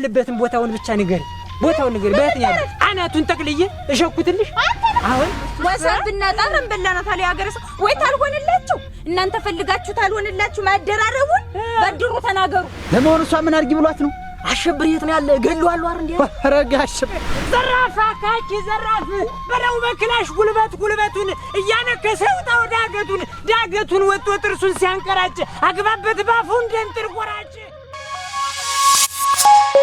ያለበትን ቦታውን ብቻ ንገሪ፣ ቦታውን ንገሪ። በየትን ያለ አናቱን ጠቅልዬ እሸኩትልሽ። አሁን ወሰን ብናጣ ረን በላና ታለ ያገረሰ ወይ ታልሆንላችሁ እናንተ ፈልጋችሁ ታልሆንላችሁ ማደራረቡን በድሩ ተናገሩ። ለመሆኑ እሷ ምን አድርጊ ብሏት ነው? አሸብር የት ነው ያለ? እገልዋለሁ አይደል እንዴ? ረጋ ዘራፍ፣ አካኪ ዘራፍ በለው በክላሽ ጉልበት ጉልበቱን እያነከሰ ውጣው ዳገቱን ዳገቱን ወጥቶ ጥርሱን ሲያንቀራጭ አግባበት ባፉ እንደንጥር ቆራጭ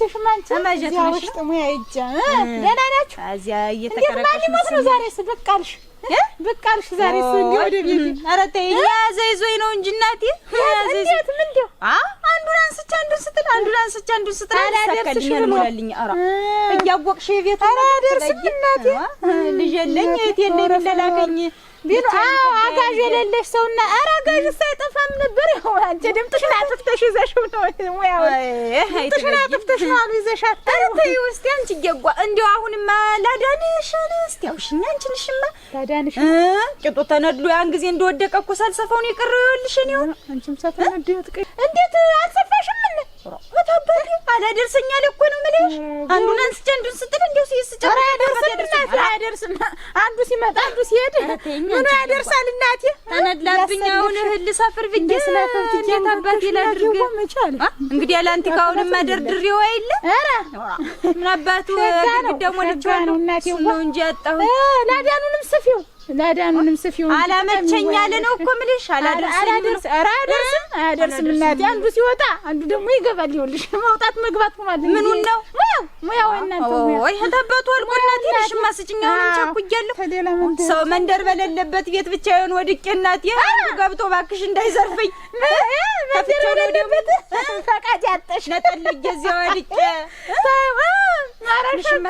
መቼሽም አንቺ እዚያ ውስጥ ሙያ ሂጅ። ደህና ናችሁ? እዚያ እየተቀረቀሽ ነው። ዛሬስ ብቅ አልሽ ብቅ አልሽ። ዛሬስ እንዲህ ወደ ቤት ኧረ ተይ፣ የያዘ ይዞኝ ነው እንጂ እናቴ። የያዘ ይዞት አንዱን አንስቼ አንዱን ስትል አንዱን አንስቼ አንዱን ስትል አላደርስሽ ብሎ ኧረ እያወቅሽ የቤት ኧረ አደርስም እናቴ። ልጅ የለኝ እህት የለኝ እንደላከኝ ቢሉ አዎ አጋዥ የሌለሽ ሰውና ኧረ አጋዥ አይጠፋም ነበር። ያው አንቺ ድምፅ ይዘሽ ይዘሽው ነው ሙያውን ጥሽን አጥፍተሽ ነው አሉ ይዘሻት። ኧረ ተይው እስኪ አንቺ እየጓ እንደው አሁንማ ላዳንሽ አለ እስኪ አውሽኛ አንቺንሽማ ላዳንሽ ጭጡ ተነድሎ ያን ጊዜ እንደወደቀ እኮ ሳልሰፋውን የቀረው ይኸውልሽ እኔው አንቺም ሳትነድ ይወጥቅ እንዴት አልሰፋሽም? አትኩራው። አታባሪ አላደርሰኛል እኮ ነው የምልሽ። አንዱን አንስቼ አንዱን ስጥል እንዲያው ሲስጭ አያደርስም። አንዱ ሲመጣ አንዱ ሲሄድ ምኑ ያደርሳል? እናቴ ተነድላብኝ። አሁን እህል ሰፍር ብዬ እንዴት አባቴ ላድርግ? እንግዲህ ያላንቲ ካሁንማ ደርድሬው አይለ ምን አባቱ ግዳሞ ልጅ ነው እንጂ ያጣሁት ላዳኑንም ስፊው ለዳኑንም ስፊውን አላመቸኛል ነው እኮ የምልሽ። አላደርስ አላደርስም አያደርስም እናቴ። አንዱ ሲወጣ አንዱ ደግሞ ይገባል። ይኸውልሽ መውጣት መግባት ማለት ነው። ምኑን ነው ሙያው ሙያው እናንተ ወይ ተበቱ አልቆ እናቴ ልሽ ማስጭኛ ሆነም ሰው መንደር በሌለበት ቤት ብቻዬን ወድቄ እናቴ አንዱ ገብቶ እባክሽ እንዳይዘርፈኝ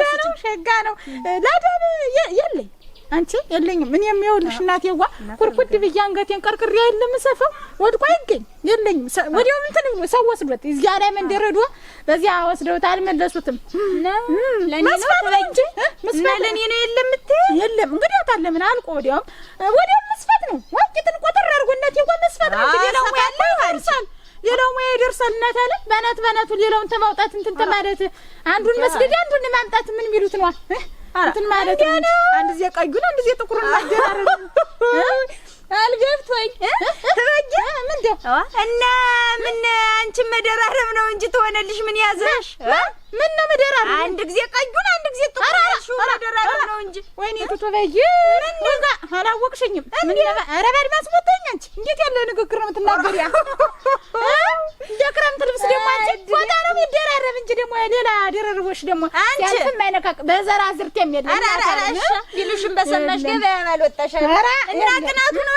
መንደር ነው ሸጋ ነው ላዳን የለኝ አንቺ የለኝም። እኔም የሚያውልሽ እናቴ ዋ ኩርኩድ ብዬ አንገቴን ቀርቅሬ የለም ሰፈው ወድቆ አይገኝ የለኝም። ወዲያው እንትን ሰው ወስዶት እዚያ ላይ መንደር ሄዶ በዚያ ወስደውት አልመለሱትም። መስፋት ነው እንጂ ለእኔ ነው የለም የለም። እንግዲህ ምን አልቆ ወዲያውም ነው። አድርጎ እናቴ ዋ ነው። ሌላው ሙያ ይደርሳል። እናት አለ ሌላውን ተማውጣት እንትን ተማለት አንዱን መስገድ አንዱን ማምጣት ምን የሚሉት ነው? እንትን ማለት ነው። አንድ ጊዜ ቀዩን አንድ ዚያ ጥቁሩን ማደራረግ አልገብቶኝ በጌ ምንድን እና ምን አንቺን መደራረብ ነው እንጂ ትሆነልሽ ምን ያዘሽ? ምን ነው መደራረብ? አንድ ጊዜ ቀዩን አንድ ጊዜ ጥቁራሹ መደራረብ ነው እንጂ። ወይኔ ቶቶ በጌ ጋ አላወቅሽኝም። ኧረ በአድማስ አንቺ እንዴት ያለ ንግግር ነው የምትናገሪ? እንደ ክረምት ልብስ ደግሞ አንቺ ቦታ ነው የሚደራረብ እንጂ ደግሞ ሌላ ደረርቦሽ ደግሞ አንቺም አይነካቅ በዘራ ዝርት የሚል ቢሉሽም በሰማሽ ገበያ አልወጣሽ እና ቅናቱ ነው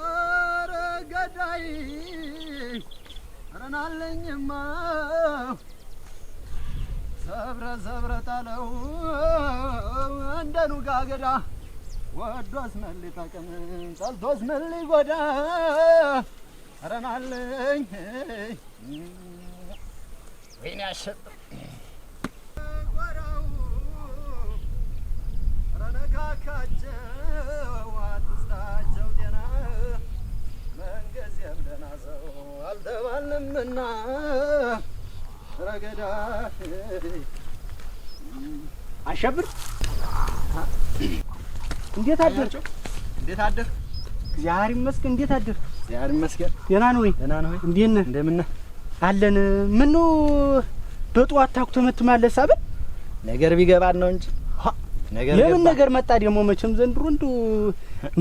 ኧረ ገዳይ ረናለኝማ ሰብረ ሰብረ ጣለው እንደ ኑጋ ገዳ ወዶስ ምን ሊጠቅም ጠልቶስ ምን ሊጎዳ ረናለኝ ወይኔ ያሸጥ ረነካካቸው አሸብር እንዴት አደርክ? እንዴት አደርክ? እግዚአብሔር ይመስገን። እንዴት አደርክ? እግዚአብሔር ይመስገን። ደህና ነው ወይ? ደህና ነው ወይ? እንዴት ነህ? እንደምን ነህ? አለን። ምኑ በጠዋት ታኩቶ መትማለህ? ሳብን ነገር ቢገባን ነው እንጂ ነገር የምን ነገር መጣ ደግሞ? መቼም ዘንድሮ እንዱ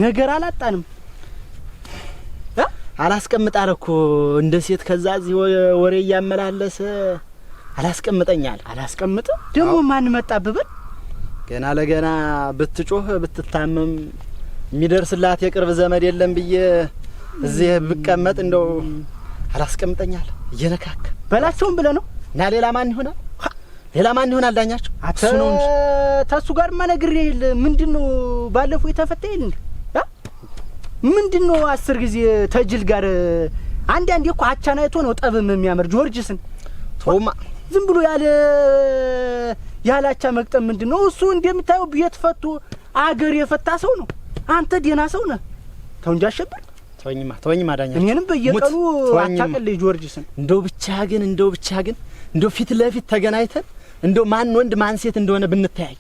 ነገር አላጣንም። አላስቀምጣለህ እኮ እንደ ሴት ከዛ እዚህ ወሬ እያመላለሰ አላስቀምጠኛል። አላስቀምጥ ደግሞ ማን መጣ ብብል ገና ለገና ብትጮህ ብትታመም የሚደርስላት የቅርብ ዘመድ የለም ብዬ እዚህ ብቀመጥ እንደው አላስቀምጠኛል እየነካከ በላቸውም ብለ ነው እና ሌላ ማን ይሆናል? ሌላ ማን ይሆናል? ዳኛቸው አብሱ ነው እንጂ ተሱ ጋር ማነግር ይል ምንድን ነው ባለፈው የተፈታ ይል እንዴ ምንድን ነው አስር ጊዜ ተጅል ጋር አንዳንዴ እኮ አቻናይቶ ነው ጠብም የሚያምር ጆርጅስን ቶማ ዝም ብሎ ያለ ያላቻ መቅጠም ምንድን ነው እሱ? እንደምታየው ቤት ፈቶ አገር የፈታ ሰው ነው። አንተ ደህና ሰው ነህ። ተው እንጂ አሸብር። ተወኝማ ተወኝማ፣ ዳኛ እኔንም በየቀኑ አታቀል ጆርጅስን። እንደው ብቻ ግን እንደው ብቻ ግን እንደው ፊት ለፊት ተገናኝተን እንደው ማን ወንድ ማን ሴት እንደሆነ ብንተያይ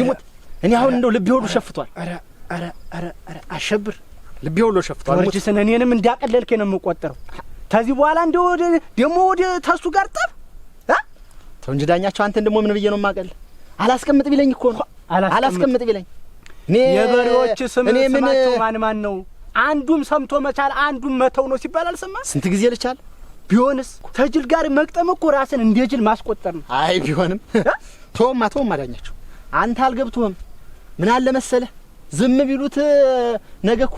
ይሙት። እኔ አሁን እንደው ልቤ ሁሉ ሸፍቷል። ኧረ ኧረ ኧረ ኧረ አሸብር፣ ልቤ ሁሉ ሸፍቷል። ጆርጅስን እኔንም እንዳቀለልከኝ ነው የምቆጠረው። ከዚህ በኋላ እንደው ደግሞ ወደ ተሱ ጋር ጠብ ተው እንጂ ዳኛቸው፣ አንተን ደግሞ ምን ብዬ ነው የማቀል? አላስቀምጥ ቢለኝ እኮ ነው አላስቀምጥ ቢለኝ። እኔ የበሬዎች ስም እኔ ስማቸው ማን ማን ነው? አንዱም ሰምቶ መቻል አንዱም መተው ነው ሲባል አልሰማ ስንት ጊዜ ልቻል። ቢሆንስ ተጅል ጋር መቅጠም እኮ ራስን እንደ ጅል ማስቆጠር ነው። አይ ቢሆንም ተውማ ተውማ ዳኛቸው፣ አንተ አልገብቶህም። ምን አለ መሰለህ ዝም ቢሉት ነገ እኮ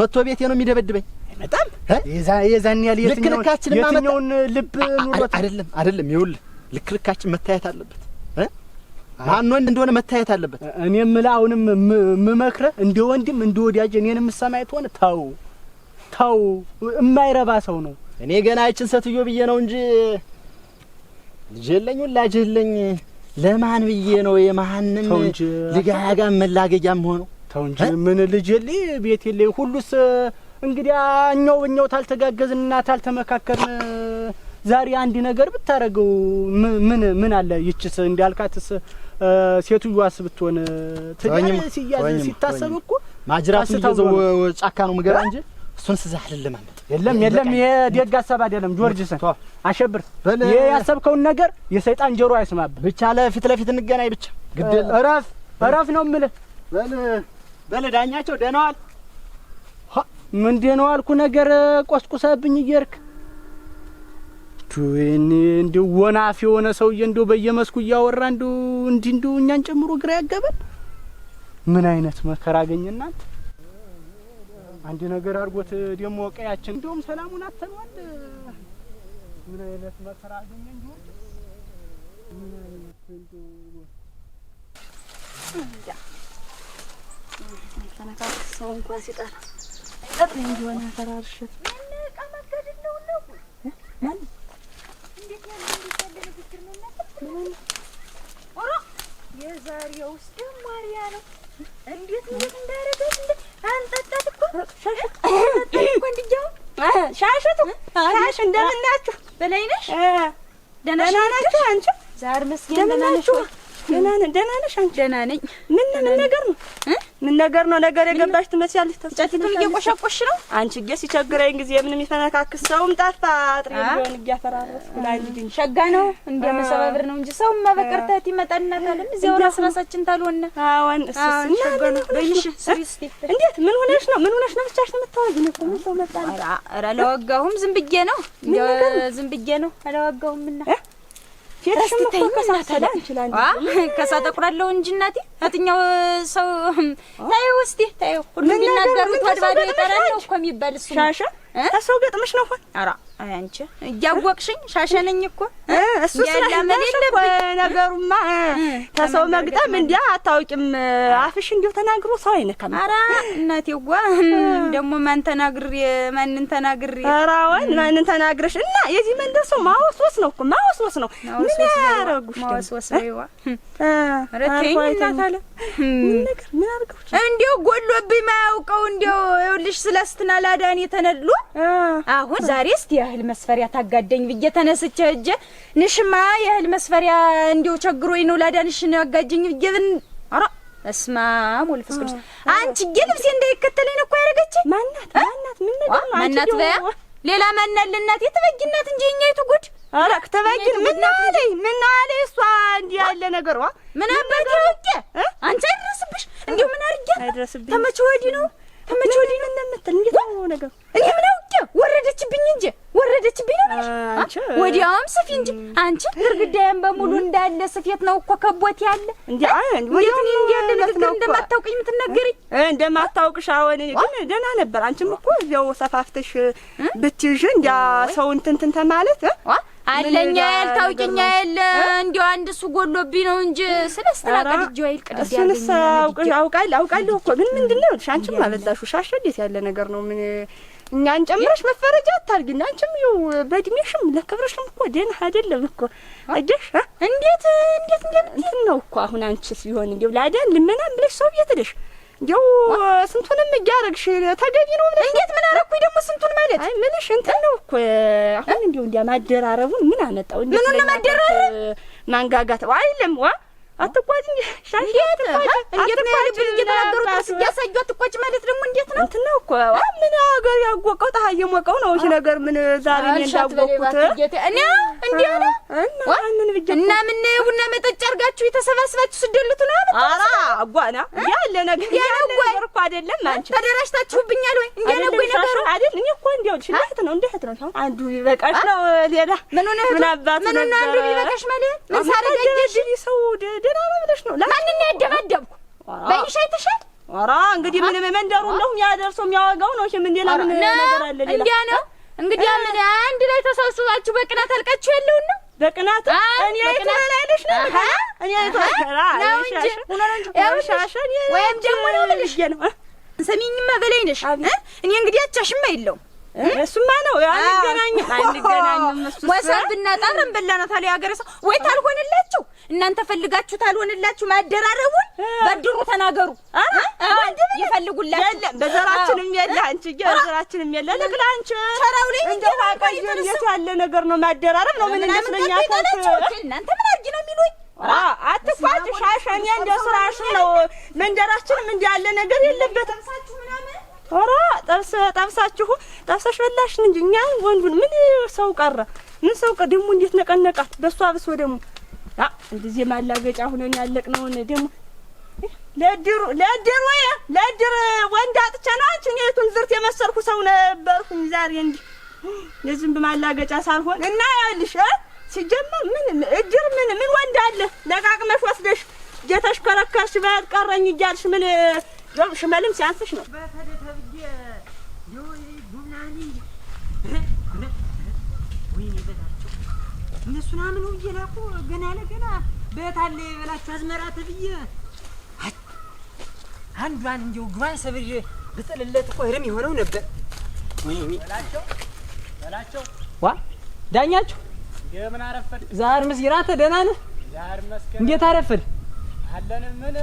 መጥቶ ቤቴ ነው የሚደበድበኝ። አይመጣም የዛን ያል ልክ የትኛውን ልብ ኑሮት አይደለም አይደለም ይውል ልክልካችን መታየት አለበት። ማን ወንድ እንደሆነ መታየት አለበት። እኔ ምላ አሁንም ምመክረ እንደ ወንድም እንደ ወዳጅ እኔን የምሰማኝ ትሆን ተው ተው፣ የማይረባ ሰው ነው። እኔ ገና አይችን ሴትዮ ብዬ ነው እንጂ ልጅ የለኝ ወላጅ የለኝ ለማን ብዬ ነው የማንም ልጋጋ መላገጃም ሆኖ ተው እንጂ ምን ልጅ የለኝ ቤት የለኝ ሁሉስ እንግዲያ እኛው እኛው ታልተጋገዝንና ታልተመካከርን ዛሬ አንድ ነገር ብታረገው ምን ምን አለ? ይችስ እንዲያልካትስ ሴትዮዋስ ብትሆን ትዳር ሲያዝ ሲታሰብ እኮ ማጅራቱን ይዘው ጫካ ነው ምገባ እንጂ እሱን ስዛ አይደለም አንተ የለም የለም። ይሄ ደግ ሀሳብ አይደለም። ጆርጅስን አሸብር፣ ይሄ ያሰብከውን ነገር የሰይጣን ጆሮ አይስማብህ። ብቻ ለፊት ለፊት እንገናኝ። ብቻ ግዴለም፣ እረፍ እረፍ ነው የምልህ። በል በል ዳኛቸው ደህና ዋል። ምንድን ነው አልኩህ ነገር ቆስቁሰብኝ እየሄድክ እንዲ ወናፍ የሆነ ሰውዬ እንዲ በየመስኩ እያወራ እንዲ እንዲ እንዲሁ እኛን ጨምሮ ግራ ያገበን ምን አይነት መከራ አገኘናል። አንድ ነገር አድርጎት ደሞ ቀያችን እንዲሁም ሰላሙን አተኗል። ምን አይነት መከራ አገኘ እንዲሁም ምን አይነት እንዲሁ ሰው እንኳን ሲጠራ ጠጥ እንዲሆነ ተራርሸት በዛሬው ውስጥ ደግሞ አልያ ነው። እንዴት እንዴት እንዳደረገች እንደ አንጠጣት እኮ ሻሸቱ ሻሽ እንደምናችሁ በላይ ነሽ? ደህና ናችሁ? አንቺ ዛር መስገን ደህና ነሽ? ደህና ነሽ አንቺ? ደህና ነኝ። ምን ምን ነገር ነው ምን ነገር ነው ነገር የገባሽ ትመስያለሽ። ተጨትኩም እየቆሸቆሽ ነው አንቺ። እጌ ሲቸግረኝ ጊዜ ምንም የሚፈነካክስ ሰውም ጠፋ። አጥሬ ቢሆን እያፈራረስኩ ላይ ግን ሸጋ ነው እንደ መሰባብር ነው እንጂ ሰው ማበቀር ታት ይመጣልናታል። እዚህ ወራ ስራሳችን ታልሆነ አሁን እሱስ እና በይሽ ስሪስ እንዴት ምን ሆነሽ ነው? ምን ሆነሽ ነው? ብቻሽ ነው ተመታወኝ ነው ምን ሰው መጣ? አረ አላወጋሁም። ዝም ብዬ ነው ዝም ብዬ ነው አላወጋሁምና ከሳ ተቁራለሁ እንጂ እናቴ አትኛው ሰው ታየው፣ እስቲ ታየው ሁሉ የሚናገሩት አድባዶ የጠራ ነው እኮ የሚባል እሱ ሻሻ ከሰው ገጥመሽ ነው ሆን አንቺ እያወቅሽኝ ሻሸነኝ እኮ እሱ ነገሩማ፣ ተሰው መግጠም እንዲያ አታውቂም። አፍሽ እንዲሁ ተናግሮ ሰው አይነካም። ኧረ እናቴዋ ደግሞ ማን ተናግሬ ማንን ተናግሬ ኧረ ወን ማንን ተናግረሽ እና የዚህ መንደር ሰው ማወስወስ ነው እኮ ማወስወስ ነው። ምን ያረጉሽ ማወስወስ ነው። ይዋ ኧረ ተይኝ ምን አርገውሽ እንዲሁ ጎሎብኝ ማያውቀው እንዲሁ ይኸውልሽ፣ ስለስትና ላዳን የተነሉ አሁን ዛሬ እስቲ እህል መስፈሪያ ታጋደኝ ብዬ ተነስቼ ሂጅ ንሽማ የእህል መስፈሪያ እንዲው ቸግሮኝ ነው ላዳንሽ ነው ያጋጀኝ ብዬ ብን ኧረ እስማ ሙሉ ቅዱስ አንቺ ልብሴ እንዳይከተለኝ እኮ ያደረገች ማናት ማናት ምን ነገር ነው ማናት በያ ሌላ መነልነት የተበጊናት እንጂ እኛይቱ ጉድ ኧረ ከተበጊን ምን አለኝ ምን አለኝ እሷ እንዲህ ያለ ነገሯ ምን አባቴ ወቄ አንቺ አይድረስብሽ እንዲሁ ምን አድርጌ ተመቸ ወዲህ ነው ተመቼ ወዲህ ነው እንደምትል እንዴት ነው ነገሩ? እኔ ምን አውቄ ወረደችብኝ እንጂ ወረደችብኝ ነው ማለት ወዲያውም ስፊ እንጂ አንቺ ግርግዳዬን በሙሉ እንዳለ ስፌት ነው እኮ ከቦት ያለ እንዴ አይ ነው ያለ እንደማታውቅኝ የምትነገሪኝ እንደማታውቅሽ። አሁን ግን ደህና ነበር። አንቺም እኮ እዚያው ሰፋፍተሽ ብትይዥ እንዲያ ሰው እንትን እንትን ተማለት አለኛ ያህል ታውቂኛ ያህል እንዲያው አንድ እሱ ጎሎብኝ ነው እንጂ ስለስተላ ቀድጄ አይል አውቃለሁ እኮ ግን ምንድን ነው አንቺም አበላሽው ሻሽ እንዴት ያለ ነገር ነው? ምን እኛን ጨምረሽ መፈረጃ አታርጊና። አንቺም ይኸው በእድሜሽም ለክብረሽም እኮ ደህና አይደለም እኮ አይደሽ። እንዴት እንዴት እንዴት ነው እኮ አሁን አንቺ ሲሆን እንዲያው ላዳን ልመናም ብለሽ ሰው ብዬሽ ያው ስንቱንም እያረግሽ ተገቢ ነው። እንዴት ምን አረኩኝ ደግሞ? ስንቱን ማለት አይ ምንሽ እንትን ነው እኮ አሁን እንዲሁ እንዲያ ማደራረቡን ምን አመጣው? ምን ነው ማደራረብ ማንጋጋት አይለም ዋ አትቋጭ እንጂ ሻሽ እንዴት ነው ያለብን? እየተናገሩት ራስ እያሳዩ አትቋጭ ማለት ደግሞ እንዴት ነው? እንትን ነው እኮ ምን ሀገር ያወቀው ጣሀ እየሞቀው ነው። እሺ ነገር ምን ዛሬ እኔ እንዳወቅኩት እኔ እንዲህ ነው እና ምን ቡና መጠጫ አድርጋችሁ የተሰባስባችሁ ስደሉት ነው አለ። ኧረ አጓና ያለ ነገር ያለ ነገር እኮ አይደለም። አንቺ ተደራጅታችሁብኛል ወይ እንዴ ነው ወይ ነገሩ አይደል? እኔ እኮ እንዲያው ሽላት ነው እንዴት ነው አንዱ ቢበቃሽ ነው ሌላ ምን ሆነ ምን አባቱ ምን አንዱ ቢበቃሽ ማለት ምን ሳረጋጅሽ ሰው ደህና ነው ብለሽ ነው? ማንን ያደባደብኩ በይሻ ይተሻል። ኧረ እንግዲህ ምን መንደሩ እንደሁም ያደርሶ የሚያወጋው ነው። እሺ ምን ሌላ ምን ነገር አለ? እንዲያ ነው እንግዲህ ምን አንድ ላይ ተሰብስባችሁ በቅናት አልቃችሁ ያለውን ነው። በቅናት እኔ የተላላይልሽ ነው እኔ የተላላ አይሻሽ ሁና እንጂ አይሻሽ ወይም ደግሞ ነው ብለሽ ነው። ስሚኝማ በላይ ነሽ እኔ እንግዲህ አቻሽማ የለውም እሱማ ነው አንገናኝም፣ አንገናኝም። ወሰን ብናጣር እንበላ ነው ታዲያ ያገረ ሰው ወይ ታልሆንላችሁ እናንተ ፈልጋችሁ ታልሆንላችሁ ማደራረቡን በድሩ ተናገሩ። ይፈልጉላችሁ በዘራችንም የለ አንቺ በዘራችንም የለ ልግላ አንቺ ቸራው ላይ ያለ ነገር ነው ማደራረብ ነው ምን ይመስለኛል። እናንተ ምን አድርጊ ነው የሚሉኝ? አትኳጭ ሻሸኔ እንደ ስራሽ ነው። መንደራችንም እንዲህ ያለ ነገር የለበትም። ኧረ ጠብሰ ጠብሳችሁ ጠብሰሽ በላሽን እንጂ እኛ ወንዱን ምን ሰው ቀረ? ምን ሰው ቀረ? ደግሞ እንዴት ነቀነቃት በሷ ብሶ ደግሞ አ እንደዚህ ማላገጫ ሁነን ያለቅነውን ደግሞ ለድሩ ለድሩ ለድር ወንድ አጥቼ ነው አንቺ የቱን ዝርት የመሰልኩ ሰው ነበርኩኝ ዛሬ እንዲህ የዝም በማላገጫ ሳልሆን እና ያልሽ ሲጀመር ምን እድር ምን ምን ወንድ አለ ለቃቅመሽ ወስደሽ እየተሽከረከርሽ በቀረኝ እያልሽ ምን ሽመልም ሲያንስሽ ነው። እነሱን አምነው እየላኩ ገና ለገና በታለ የበላችሁ አዝመራ ተብዬ አንዷን እንዲሁ ግባን ሰብሬ ብጥልለት እኮ እርም የሆነው ነበር። ዋ ዳኛችሁ ዛር ምስጊራ ተደህና ነህ? እንዴት አረፈድ አለን ምን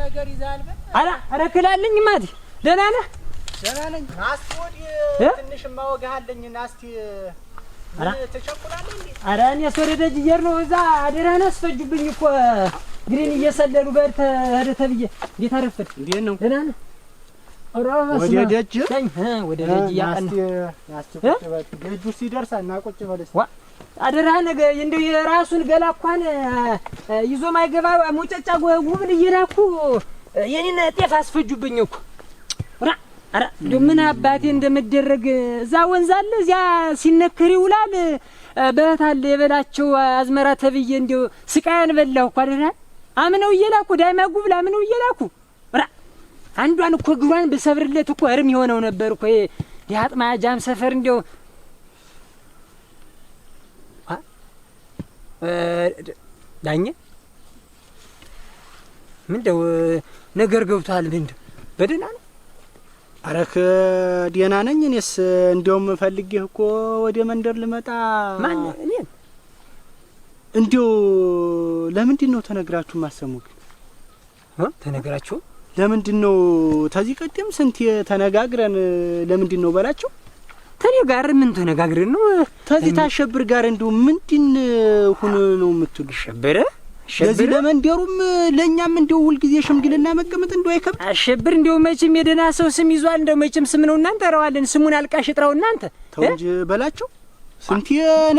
ነገር ይዛል በል። አላ አረክላለኝ ማዲ ደህና ነህ? ደህና ነኝ። ወዲህ ትንሽ አረ እኔ ነው። እዛ አደራህን አስፈጁብኝ እኮ ግሪን እየሰለሉ በር ተብዬ። እንዴት እንዴት ነው? ደህና ነህ? ወደ ደጅ ወደ ደጅ እያቀን ደጁ ሲደርስ እና ቁጭ አደራ ነገ እንደው የራሱን ገላ እንኳን ይዞ ማይገባ ሙጨጫ ጉብል እየላኩ የኔን ጤፍ አስፈጁብኝ እኮ ራ አራ ምን አባቴ እንደምደረግ እዛ ወንዝ አለ እዚያ ሲነክር ይውላል። በታል የበላቸው አዝመራ ተብዬ እንደው ስቃያን በላሁ እኮ አደራ አምነው እየላኩ ዳይማ ጉብል አምነው እየላኩ ራ አንዷን እኮ ግሯን ብሰብርለት እኮ እርም የሆነው ነበር እኮ ይሄ ጃም ሰፈር እንደው ዳኘ ምንደው ነገር ገብቷል? ምንድ በደህና ነው? አረክ ደህና ነኝ። እኔስ እንደውም ፈልጌህ እኮ ወደ መንደር ልመጣ። ማን እኔ? እንዲሁ ለምንድን ነው ተነግራችሁ ማሰሙ ግን ተነግራችሁ? ለምንድን ነው ተዚህ ቀደም ስንት ተነጋግረን ለምንድን ነው በላቸው ተኔ ጋር ምን ተነጋግረን ነው? ተዚህ ታሸብር ጋር እንደው ምንድን ሁኖ ነው የምትውል? ሸብር ለዚህ ለመንደሩም ለእኛም እንደው ሁልጊዜ ሽምግልና መቀመጥ እንደው አይከብድ። አሸብር እንደው መቼም የደህና ሰው ስም ይዟል። እንደው መቼም ስም ነው እናንተ ጠራዋለን። ስሙን አልቃሽ ጥራው እናንተ ተው እንጂ በላቸው። ስንት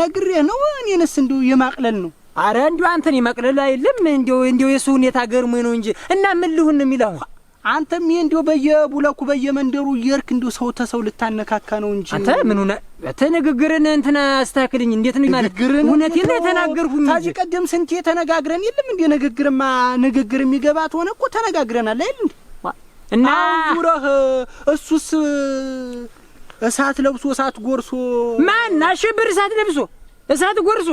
ነግሬህ ነው። እኔንስ እንደው የማቅለል ነው። አረ እንደው አንተን የማቅለል አይደለም። እንደው እንደው የሱ ሁኔታ ገርሞኝ ነው እንጂ እና ምን ልሁን ነው የሚለው አንተም ይሄ እንዲሁ በየቡለኩ በየመንደሩ እየሄድክ እንዲሁ ሰው ተሰው ልታነካካ ነው እንጂ አንተ ምን ሆነ አንተ ንግግርን እንትን አስተካክልኝ። እንዴት ነው ማለት እውነቴን ነው የተናገርኩኝ። ታዚህ ቀደም ስንት የተነጋግረን የለም እንዴ? ንግግርማ ንግግር የሚገባት ሆነ እኮ ተነጋግረናል አይደል እንዴ? እና ዙረህ እሱስ እሳት ለብሶ እሳት ጎርሶ ማን አሸብር እሳት ለብሶ እሳት ጎርሶ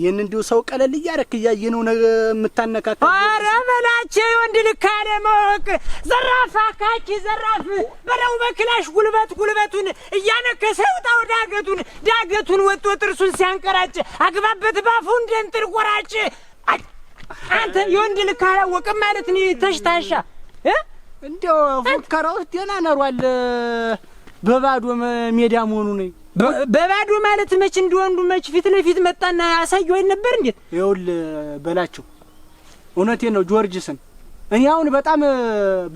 ይህን እንዲሁ ሰው ቀለል እያደረክ እያየነው የምታነካከ አረ በላቸው የወንድ ልክ አለማወቅ ዘራፍ አካኪ ዘራፍ በለው በክላሽ ጉልበት ጉልበቱን እያነከሰ ውጣው ዳገቱን ዳገቱን ወጦ ጥርሱን ሲያንቀራጭ አግባበት ባፉ እንደንጥር ቆራጭ አንተ የወንድ ልክ ወቅም ማለት እኔ ተሽታሻ እንዲያው ፉከራውስ ደህና ነሯል በባዶ ሜዳ መሆኑ ነኝ በባዶ ማለት መች እንደወንዱ መች ፊት ለፊት መጣና ያሳየው ነበር። እንዴት ይውል በላቸው። እውነቴን ነው ጆርጅስን። እኔ አሁን በጣም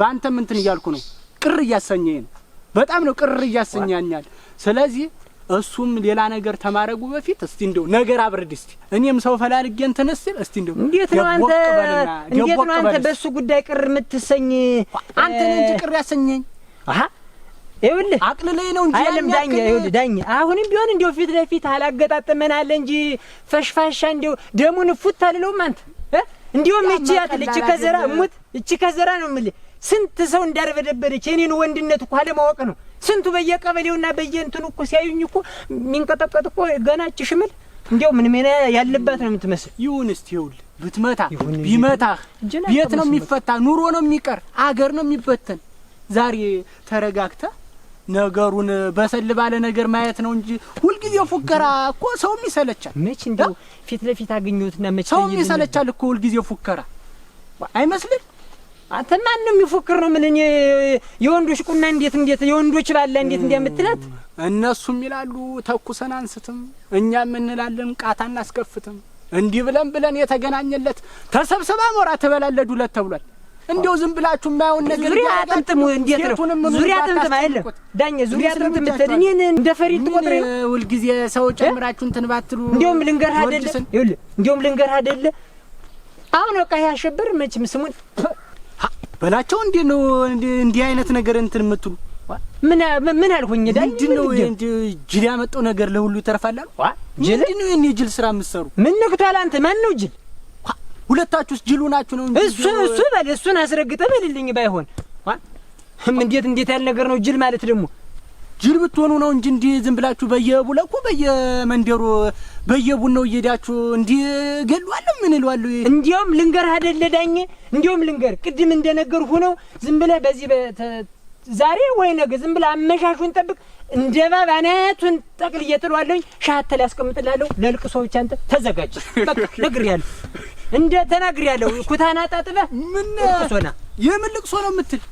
በአንተም እንትን እያልኩ ነው፣ ቅር እያሰኘኝ ነው። በጣም ነው ቅር እያሰኛኛል። ስለዚህ እሱም ሌላ ነገር ተማረጉ በፊት እስቲ እንደው ነገር አብርድ እስቲ እኔም ሰው ፈላልጌ እንትን እስል እስቲ እንደው እንዴት ነው አንተ እንዴት ነው አንተ በእሱ ጉዳይ ቅር የምትሰኝ? አንተን እንጂ ቅር ያሰኘኝ አሃ ይኸውልህ አቅልለህ ነው እንጂ አይደለም ዳኛ። ይኸውልህ ዳኛ፣ አሁንም ቢሆን እንዲያው ፊት ለፊት አላገጣጠመን አለ እንጂ ፈሽፋሻ እንዲያው ደሙን ፉት አልለውም። አንተ እንዲያውም እቺ አትል እቺ ከዘራ እሙት እቺ ከዘራ ነው የምልህ። ስንት ሰው እንዳርበደበደች የኔን ወንድነት እኮ አለማወቅ ነው። ስንቱ በየቀበሌውና በየእንትኑ እኮ ሲያዩኝ እኮ የሚንቀጠቀጥ እኮ ገና እቺ ሽምል እንዲያው ምን ምን ያለባት ነው የምትመስል። ይሁን እስቲ ይኸውልህ ብትመታ ቢመታህ ቤት ነው የሚፈታ፣ ኑሮ ነው የሚቀር፣ አገር ነው የሚበተን። ዛሬ ተረጋግተህ ነገሩን በሰል ባለ ነገር ማየት ነው እንጂ ሁልጊዜ ፉከራ እኮ ሰውም ይሰለቻል። መች እንደው ፊት ለፊት አገኘሁትና መች ሰውም ይሰለቻል እኮ ሁልጊዜ ፉከራ አይመስልም? አንተ ማንም ይፎክር ነው ምን እኔ የወንዶች ቁና እንዴት እንዴት የወንዶች ባለ እንዴት እንደምትላት እነሱም ይላሉ ተኩሰን አንስትም፣ እኛም እንላለን ቃታ እናስከፍትም። እንዲህ ብለን ብለን የተገናኘለት ተሰብስባ ሞራ ትበላለች ዱለት ተብሏል። እንደው ዝም ብላችሁ የማይሆን ነገር ዙሪያ ጥምጥም እንዴት ነው? ዙሪያ ጥምጥም አይደለም ዳኛ፣ ዙሪያ ጥምጥም የምትሄድ እኔን እንደ ፈሪ ትቆጥረኝ ነው? ሁልጊዜ ሰው ጨምራችሁ እንትን ባትሉ። እንደውም ልንገርህ አይደለ ይኸውልህ፣ እንደውም ልንገርህ አይደለ አሁን በቃ ይሄ አሸበር መቼም ስሙን በላቸው። እንዴ ነው እንዲህ አይነት ነገር እንትን የምትሉ ምን ምን አልኩኝ? ዳኝ ምንድን ነው ጅል ያመጣው ነገር ለሁሉ ተርፋላል? አሉ። ምንድን ነው የኔ ጅል ስራ የምትሰሩ? ምን ነክቷል? አንተ ማን ነው ጅል? ሁለታችሁስ ጅሉ ናችሁ ነው እንጂ እሱ እሱ በል እሱን አስረግጠ በልልኝ። ባይሆን እንዴት እንዴት ያለ ነገር ነው ጅል ማለት ደግሞ ጅል ብትሆኑ ነው እንጂ እንዲህ ዝም ብላችሁ በየቡለኩ በየመንደሩ በየቡን ነው እየሄዳችሁ እንዲህ ገሏለሁ ምን ልዋሉ። እንዲያውም ልንገር አይደለ ዳኝ፣ እንዲያውም ልንገር ቅድም እንደነገር ሁነው ዝም ብለህ በዚህ ዛሬ ወይ ነገ ዝም ብለህ አመሻሹን ጠብቅ፣ እንደ እባብ አናቱን ጠቅልዬ ጥሏለሁኝ። ሻተል ያስቀምጥላለሁ ለልቅሶ ብቻ አንተ ተዘጋጅ። በቃ ነግሬሃለሁ። እንደ ተናግር ያለው ኩታህን አጣጥበህ ምን ልቅሶና የምን ልቅሶ ነው የምትል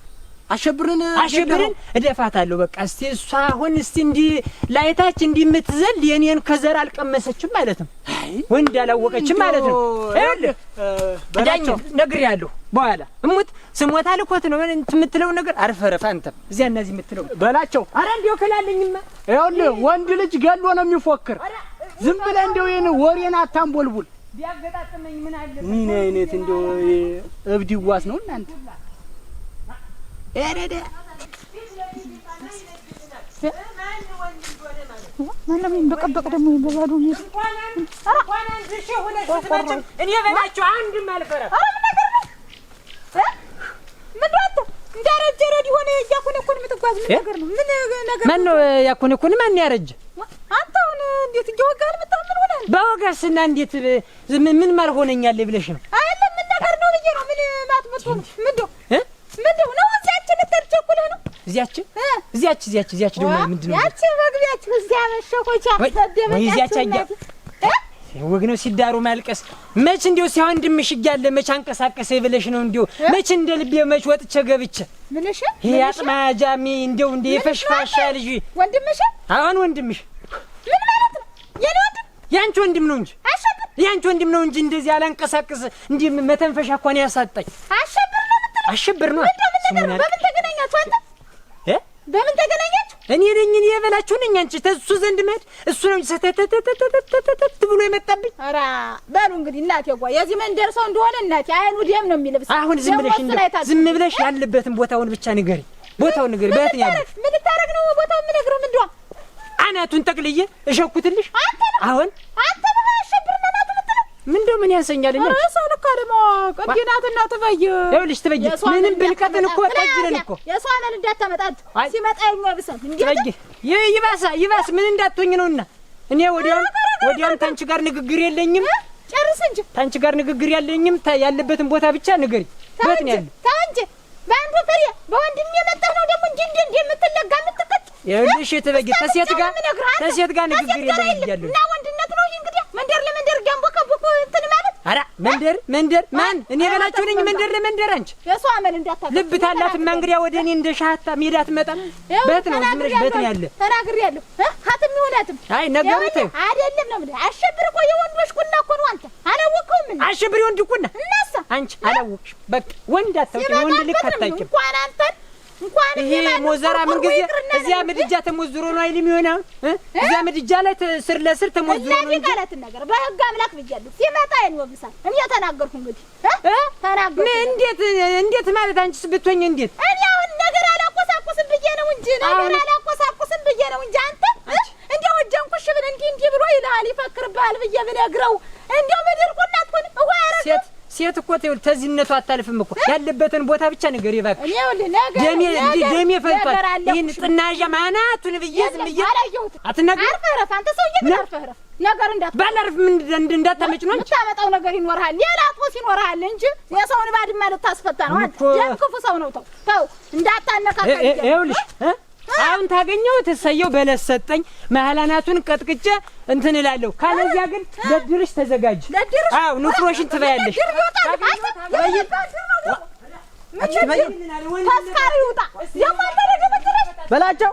አሸብርን አሸብርን እደፋታለሁ። በቃ እስቲ እሷ አሁን እስቲ እንዲህ ላይታች እንዲህ የምትዘል የኔን ከዘር አልቀመሰችም ማለት ነው፣ ወይ እንዳላወቀችም ማለት ነው። ይኸውልህ ነግር ነግሬያለሁ። በኋላ እሙት ስሞታ ልኮት ነው የምትለው ነገር አርፈረፍ። አንተም እዚያ እናዚህ የምትለው በላቸው። አረ እንዲያው ክላለኝማ። ይኸውልህ ወንድ ልጅ ገሎ ነው የሚፎክር። ዝም ብለህ እንዲያው ይህን ወሬን አታንቦልቡል ቢያገጣጥመኝ ምን አለ? ምን አይነት እንደው እብድ ይዋስ ነው እናንተ። ኤረደ ማንም ይንበቀበቅ ደግሞ እኔ በላቸው ምን ረድ የምትጓዝ ምን ነገር ነው? ምን ነገር ማን ነው ማን ያረጀ አንተ አሁን እንዴት እየወጋህ አልመጣም? በወገር ስና እንዴት ምን ሆነኛል ብለሽ ነው? አለ ምን ነገር ነው ብዬ ነው። ምን ማትመጡ ነው? ምንድው ምንድው ነው? እዚያችን ልትቸኩልህ ነው? እዚያችን እዚያች እዚያች እዚያች ደግሞ ምንድን ነው? ያቺ መግቢያችን እዚያ መሸኮቻ ወይ እዚያች አያ ወግ ነው ሲዳሩ ማልቀስ። መች እንዲሁ ሲያው እንድምሽ እያለ መች አንቀሳቀሰ ብለሽ ነው? እንዲሁ መች እንደ ልቤ መች ወጥቼ ገብቼ ምንሽ ይሄ አጥማጃሚ እንዲሁ እንደ የፈሽፋሻ ልጅ ወንድምሽ አሁን ወንድምሽ ምን ማለት ነው? የኔ ወንድም ያንቺ ወንድም ነው እንጂ አሸብር፣ ያንቺ ወንድም ነው እንጂ እንደዚህ አላንቀሳቅስ እንዲህ መተንፈሻ እንኳን ያሳጣኝ አሸብር ነው የምትለው? አሸብር ነው። በምን ተገናኛችሁ አንተ እ በምን ተገናኛችሁ? እኔ ነኝ እኔ የበላችሁ ነኝ። አንቺ ተሱ ዘንድ መሄድ እሱ ነው እንጂ ብሎ የመጣብኝ። ኧረ በሉ እንግዲህ እናቴ ጓ የዚህ መንደር ሰው እንደሆነ እናቴ አይኑ ደም ነው አሁን ዝም ብለሽ ዝም ብለሽ ያለበትን ቦታውን ብቻ ቦታውን በየት ምን ነው ቦታውን የምነግረው ምንድን ነው አናቱን ጠቅልዬ እሸኩትልሽ። አሁን አንተ አሸብር ናት ምትለው ምን ምን ያንሰኛል? እና ሰው ልካ ደግሞ ቅዲናትና ትበይ ይኸውልሽ፣ ትበይ ምንም ብልቀጥን እኮ ጠጅልን እኮ የሷነን እንዳታመጣት ሲመጣ የኛ ብሰት እንዴት ይባሳ ይባስ ምን እንዳትሆኝ ነውና እኔ ወዲያውም ወዲያውም ታንቺ ጋር ንግግር የለኝም። ጨርስ እንጂ ታንቺ ጋር ንግግር ያለኝም ያለበትን ቦታ ብቻ ንገሪ። በት ታንቺ በአንዱ ፈሪ በወንድም የመጣህ ነው ደግሞ እንጂ እንዴ የምትለጋ የምትከት ይኸውልሽ የተበጌ ተሴት ጋር ተሴት ጋር ንግግር የለም ብያለሁ። እና ወንድነት ነው እንግዲህ መንደር ለመንደር ጋምቦ ከቦኮ እንትን ማለት ኧረ መንደር መንደር ማን እኔ በላችሁ ነኝ። መንደር ለመንደር አንቺ የእሱ አመል እንዳታገኝ ልብ ታላትማ እንግዲያ ወደ እኔ እንደ ሻህታ ሜዳ ትመጣ በት ነው ዝም ብለሽ በት ነው ያለ ተናግሬያለሁ። ሀትም ይሆናትም አይ ነገሩ ተይው አይደለም ነው የምልህ። አሸብር እኮ የወንዶች ቁና እኮ ነው። አንተ አላወቅኸውም እንደ አሸብር የወንድ ቁና እናሳ አንቺ አላወቅሽም። በቃ ወንድ አታውቂም። ወንድ ልክ አታውቂም እንኳን አንተን ይሄ ሞዘራ ምን ጊዜ እዚያ ምድጃ ተሞዝሮ ነው አይልም ይሆን? እዚያ ምድጃ ላይ ስር ለስር ተሞዝሮ ነው እንጂ ካላትን ነገር በህግ አምላክ ብያለሁ። ሲመጣ የኔ እኔ ተናገርኩ። እንግዲህ ተናገርኩ። እንዴት እንዴት ማለት አንቺስ ብትሆኝ እንዴት? እኔ አሁን ነገር አላቆሳቁስም ብዬ ነው እንጂ ነገር አላቆሳቁስም ብዬ ነው እንጂ አንተ ብን እንዲህ እንዲህ ብሎ ይልሃል ይፈክርብሃል ብዬ ብነግረው እዋ ሴት እኮ ተዚህነቱ አታልፍም እኮ ያለበትን ቦታ ብቻ ነገር ይባክሽ። ደሜ ፈልቷል። ይህን ጥናዣ ማናቱን ብዬ ዝም ብዬ አትናገር። እንዳታመጭ ነው የምታመጣው ነገር ይኖርሃል። ሌላ ጦስ ይኖርሃል እንጂ የሰውን ባድማ ልታስፈታ ነው። ክፉ ሰው ነው። ተው ተው እንዳታነካካ ይኸውልሽ አሁን ታገኘው እሰየው በለስ ሰጠኝ። መሀላናቱን ቀጥቅጬ እንትን እላለሁ። ካለዚያ ግን ለድርሽ ተዘጋጅ። አዎ ንፍሮሽን ትበያለሽ። በላቸው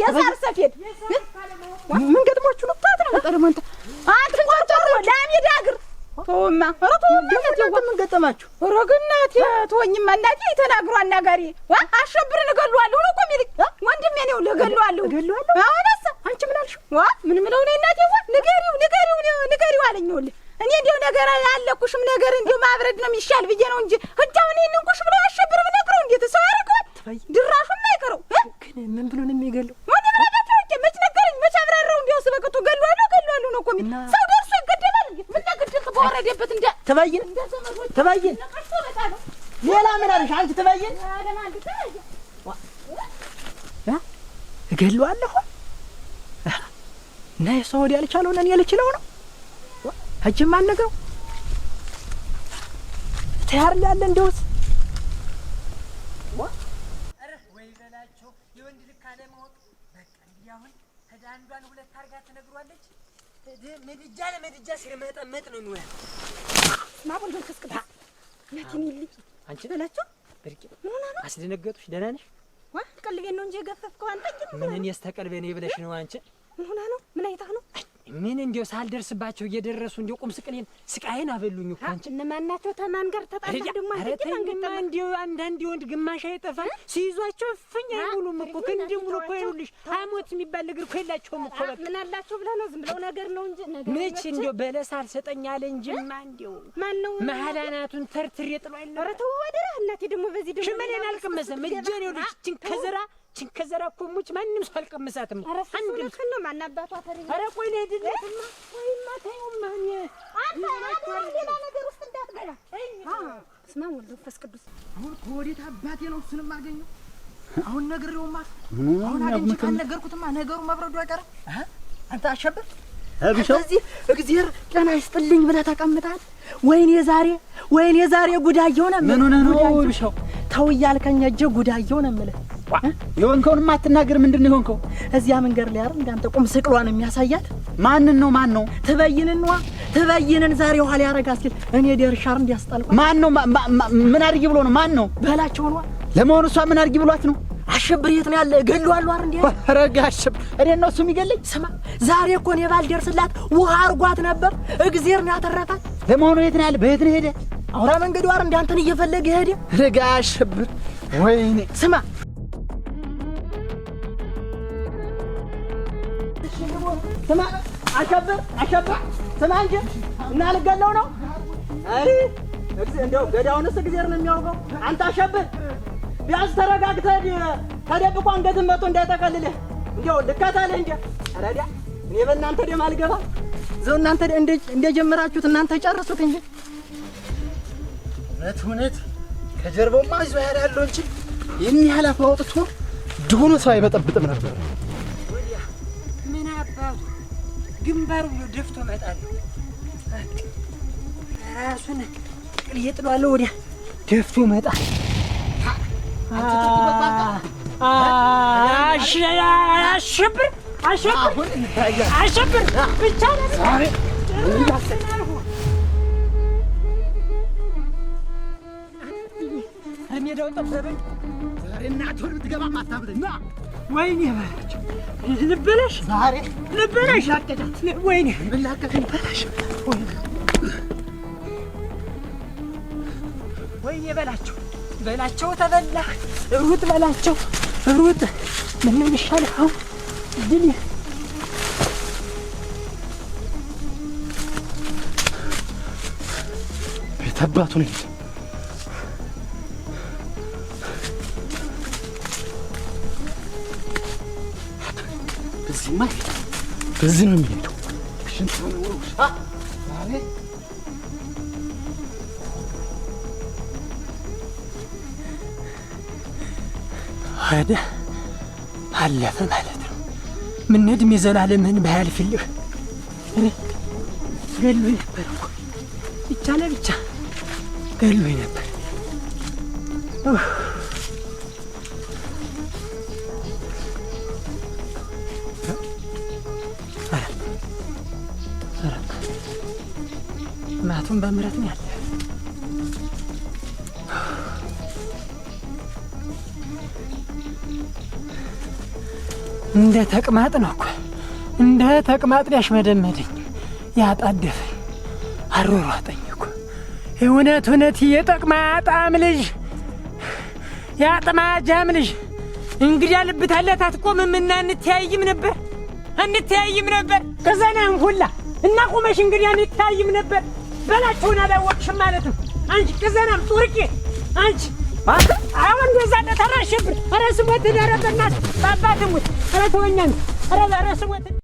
የሳር ሰፌድ ምን ገጥሞቹ ነው? ተውማ፣ ኧረ ተውማ። ምን ገጠማችሁ? ኧረ ግን ተወኝማ፣ እናቴ ተናግሮ አናጋሪ አሸብርን እገለዋለሁ ነው እኮ የሚልኝ ወንድሜ። እኔ ይኸውልህ እገለዋለሁ፣ እገለዋለሁ። አንቺ ምን አልሽው? ምን ምለው ነው እናቴ? ንገሪው፣ ንገሪው፣ ንገሪው አለኝ። ይኸውልህ እኔ እንዲያው ነገር አለኩሽም ነገር እንዲያው ማብረድ ነው የሚሻል ብዬ ነው እንጂ ተባዬ ሌላ ምን አለሽ አንቺ? ተባዬ እገለዋለሁ። እና የሰው ወዲያ አልቻለሁ እኔ ልችለው ነው እጅም አልነገው በላቸው። ብርቅ ምን ነው አስደነገጡሽ? ደህና ነሽ? ቀልቤን ነው እንጂ የገፈፍከው አንተ። ምን እኔስ ተቀልቤ ብለሽ ነው አንቺ? ምን ሆና ነው? ምን ነው? ምን እንዲያው ሳልደርስባቸው እየደረሱ እንዲያው ቁም ስቅሌን ስቃዬን አበሉኝ እኮ። አንቺ እነማን ተማን ጋር ተጣላ ደግሞ እንዲሁ አንዳንድ ወንድ ግማሽ አይጠፋ ሲይዟቸው እፍኝ አይሙሉም እኮ ክንድ ሙሉ እኮ ይሉልሽ። ሐሞት የሚባል ነገር እኮ የላቸውም እኮ። በቃ ምን አላቸው ብለህ ነው? ዝም ብለው ነገር ነው እንጂ ነገር መች እንዲያው በለስ አልሰጠኝ አለ እንጂማ እንዲያው ማን ነው መሀል አናቱን ተርትሬ ጥሎ አይደለም። ኧረ ተው አደራ እናቴ። ደግሞ በዚህ ደግሞ ሽመኔን አልቀመሰም እጄን ይኸውልሽ፣ ይህችን ከዘራ ከዘራ እኮ ሙጭ ማንም ሰው አልቀምሳትም። ኧረ ቆይ ነገር ውስጥ ስማ አሁን አባቴ ነው እሱንም አገኘው። አሁን ነግሬውማ አሁን አግኝቼ ካልነገርኩትማ ነገሩ መብረዱ አይቀርም። አንተ አሸብር እዚህ እግዚአብሔር ጤና ይስጥልኝ ብለህ ተቀምጠሃል። ወይኔ ዛሬ ወይኔ ዛሬ ጉዳየው ነው። ምን ሆነህ ነው ብሻው? ተው እያልከኝ እጄ ጉዳየው ነው የምልህ የሆንከውን ማትናገር ምንድን ነው የሆንከው? እዚያ መንገድ ላይ አይደል እንዳንተ ቁም ስቅሏን የሚያሳያት ማንን ነው? ማን ነው ትበይንን? ዋ ትበይንን ዛሬ ውሃ ሊያረጋ ሲል እኔ ደርሻር እንዲያስጣልኩ ማን ነው? ምን አድርጊ ብሎ ነው? ማን ነው በላቸው ነው? ለመሆኑ እሷ ምን አድርጊ ብሏት ነው? አሸብር የት ነው ያለ? ገሉ አሉ አይደል እንዴ? ረጋ አሸብር እኔ ነው እሱ የሚገለኝ። ስማ ዛሬ እኮ እኔ ባልደርስላት ውሃ አርጓት ነበር። እግዜር ነው ያተረፋት። ለመሆኑ የት ነው ያለ? በየት ነው ሄደ? አውራ መንገዱ አይደል እንደ አንተን እየፈለገ ሄደ። ረጋ አሸብር ወይኔ ስማ ስማ አሸብር አሸብር ስማ እንጂ እና ልገለው ነው። አይ እንደው ገዳውንስ እግዜር ነው የሚያውቀው። አንተ አሸብር ቢያንስ ተረጋግተህ ተደብቆ አንገትህን መቶ እንዳይጠቀልልህ እንደው ልከታልህ እንጂ አረዲያ እኔ በእናንተ ደም አልገባ። ዘው እናንተ እንደጀመራችሁት እናንተ ጨርሱት እንጂ እውነት እውነት ከጀርባውማ ይዞ ያለው እንጂ የሚያህል አፍ አውጥቶ ድሆኑ ሰው አይበጠብጥም ነበር። ግንባር ብሎ ደፍቶ መጣል ራሱን ቅልዬ ጥሏለሁ። ወዲያ ደፍቶ መጣል። አሸብር አሸብር ብቻ ሜዳውን ጠበበኝ። ዛሬ እናትህን ብትገባ ማታብለኝ ወይኔ በላች ልበለሽ ዛሬ ልበለሽ አደዳት ወይኔ ብላቀት ልበለሽ ወይኔ በላቸው በላቸው ተበላ ሩጥ በላቸው ሩጥ ምንም ይሻልኸው ድል ቤተባቱ ነው እሱማ በዚህ ነው የሚሄደው። አይደል አለፈ ማለት ነው። ምን ዕድሜ የዘላለምህን ባያልፍልህ ገሎኝ ነበር ይቻለ ብቻ ገሎኝ ነበር። በክፉም በምሕረት ነው ያለ። እንደ ተቅማጥ ነው እኮ እንደ ተቅማጥ ያሽመደመደኝ ያጣደፈኝ አሯሯጠኝ እኮ እውነት እውነት የጠቅማጣም ልጅ ያጥማጃም ልጅ እንግዲያ ልብታለት አትቆምም እና እንተያይም ነበር እንተያይም ነበር ከዛናም ሁላ እና ቁመሽ እንግዲያ እንተያይም ነበር በላችሁን አላወቅሽም ማለት ነው። አንቺ ቅዘናም ጡርቄ አንቺ አሁን እንደዛ እንደተራሸብን ኧረ ስሞት ኧረ በእናትህ ሙት ኧረ ተወኛን